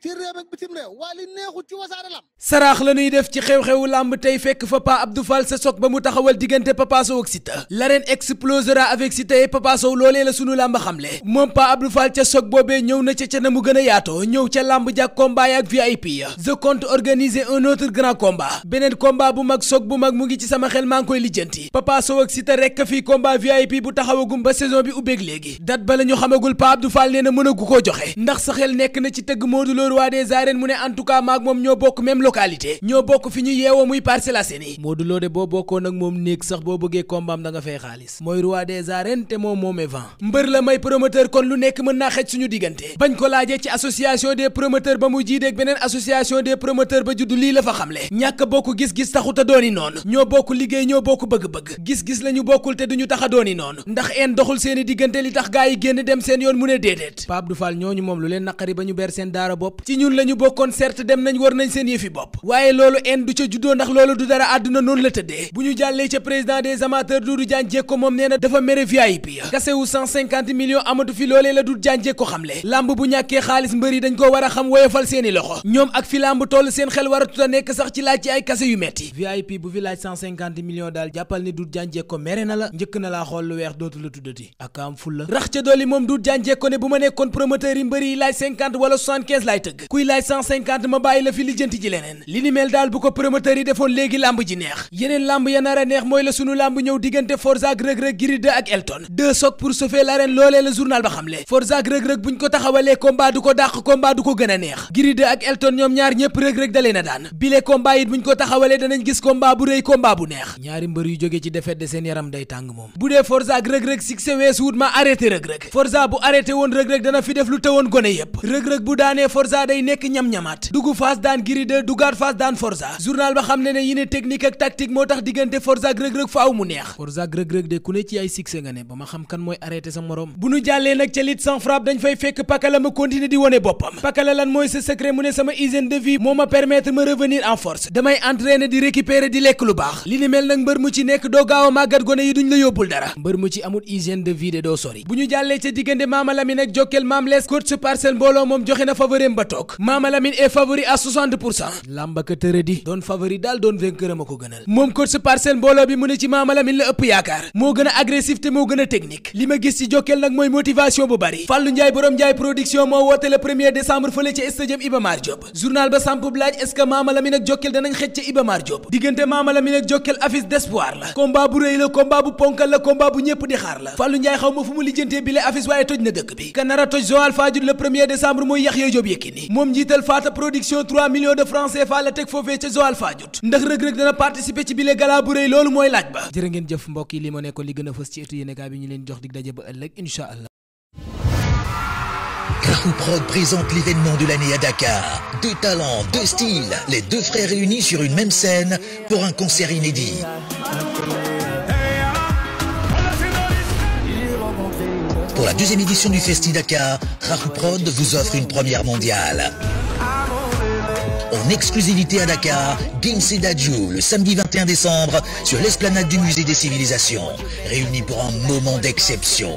ci réew ak bitim réew waa li neexul ci wasaare lam saraax la ñuy def ci xew-xewu làmb tey fekk fa Pa Abdou Fall sa soog ba mu taxawal diggante Papa Sow ak Siteu l'arène explosera avec Siteu et Papa Sow loolee la sunu làmb xamle moom Pa Abdou Fall ca boobee ñëw na ca ca na mu gën a yaatoo ñëw ca làmb ja combat ya ak VIP ya je compte organiser un autre grand combat beneen combat bu mag soog bu mag mu ngi ci sama xel maa ngi koy lijjanti Papa Sow ak Siteu rekk fii VIP bu taxawagum ba saison bi ubbeeg léegi date ba xamagul Pa Abdou Fall nee mënagu koo joxe ndax sa xel nekk na ci le roi des arènes mu ne en tout cas maag moom ñoo bokk même localité ñoo bokk fi ñu yeewoo muy Parcelles Assainies Modou Lo de boo bokkoon ak moom néeg sax boo bëggee kombaam da nga des promoteurs ba mu jiideeg beneen association des promoteurs ba juddu lii la fa xamle ñàkk bokk gis-gis taxuta dooni noonu ñoo bokk liggéey ñoo bokk bëgg-bëgg gis-gis la bokkul te duñu taxa dooni noonu ndax en doxul seeni diggante li tax gaa yi génn dem seen yoon mu ne déedéet Pape Abdou Fall ñooñu moom lu leen naqari ba ñu ber seen daara bopp ci ñun la ñu bokkoon certes dem nañ war nañ seen yëfi bopp waaye loolu en du ca juddoo ndax loolu du dara àdduna noonu la tëddee bu ñu jàllee ca président des amateurs Doudou Diagne Diecko moom nee na dafa mere VIP ya kasewu 150 amatu fi loole la Doudou Diagne ko xamle lamb bu ñàkkee xaalis mbër yi dañ ko war a xam woyofal seeni loxo ñoom ak fi lamb toll seen xel war a nekk sax ci laaj ci ay kase yu metti VIP bu fi laaj 150 millions daal jàppal ni Doudou Diagne Diecko mere laa xool lu weex dootu la tuddati ak am fulla rax ca dolli moom Doudou Diagne Diecko ne bu ma nekkoon tëgg kuy laaj ma bàyyi la fi lijjanti ji leneen li daal bu ko promoteur yi defoon léegi lamb ji neex yeneen lamb ya nar neex mooy la sunu lamb ñëw diggante Forza ak Reug Reug ak Elton deux socs pour sauver l'arène loolee journal ba xamle Forza ak Reug buñ ko taxawalee combat du ko dàq combat du ko gën neex Gris ak Elton ñoom ñaar ñëpp Reug Reug dalee na daan bile combat it buñ ko taxawalee danañ gis combat bu rëy combat bu neex ñaari mbër yu Forza dañ fay fekk pakala ma continuer di wone boppam pakala lan mooy secret mu ne sama hygiène de vie moo ma permettre ma revenir en force damay entraîner di récupérer di lekk lu baax li ni mel nag mbër mu ci nekk doo gaaw a màggat gone yi duñ la yóbbul dara mbër mu ci amul hygiène de vie de doo sori bu ñu jàllee ca diggante Maama Lamine ak Jokkel Maam Les coach Parcelles mbooloo moom joxe na favorim ba toog Maama Lamine est favori à pour cent làmba ka tëradi doon favori daal doon vainqueur ma ko gënal moom coach sa parcelle mbooloo bi mu ne ci Maama Lamine la ëpp yaakaar moo gën a agressif te moo gën a technique li ma gis ci jokkeel nag mooy motivation bu bari Fallou Ndiaye borom Ndiaye production moo woote le premier décembre fële ci stadium Iba Mar Diop journal ba samp laaj est-ce que Maama Lamine ak jokkeel danañ xëcc ca Iba Mar Diop diggante Maama Lamine ak jokkeel ñëpp di xaar la Fallou Ndiaye xaw ma fu mu lijjantee a toj Joal Fadiouth ni moom njiital faata production 3 millions de francs CFA la teg foofee ca Joal Fadiouth ndax rëg-rëg dana participer ci bile gala loolu mooy laaj ba jërë jëf mbokk yi li ma nekkoon li gën a fës ci étu yéenekaay bi ñu leen jox dig daje ba ëllëg incha allah Prod présente l'événement de l'année à Dakar. Deux talents, deux styles, les deux frères réunis sur une même scène pour un concert inédit. la deuxième édition du Festi Dakar, Rahu Prod vous offre une première mondiale. En exclusivité à Dakar, Gims Dadju, le samedi décembre, sur l'esplanade du Musée des Civilisations, réunis pour un moment d'exception.